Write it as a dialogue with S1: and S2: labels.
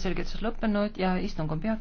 S1: selgitus lõppenud ja istung on peatatud.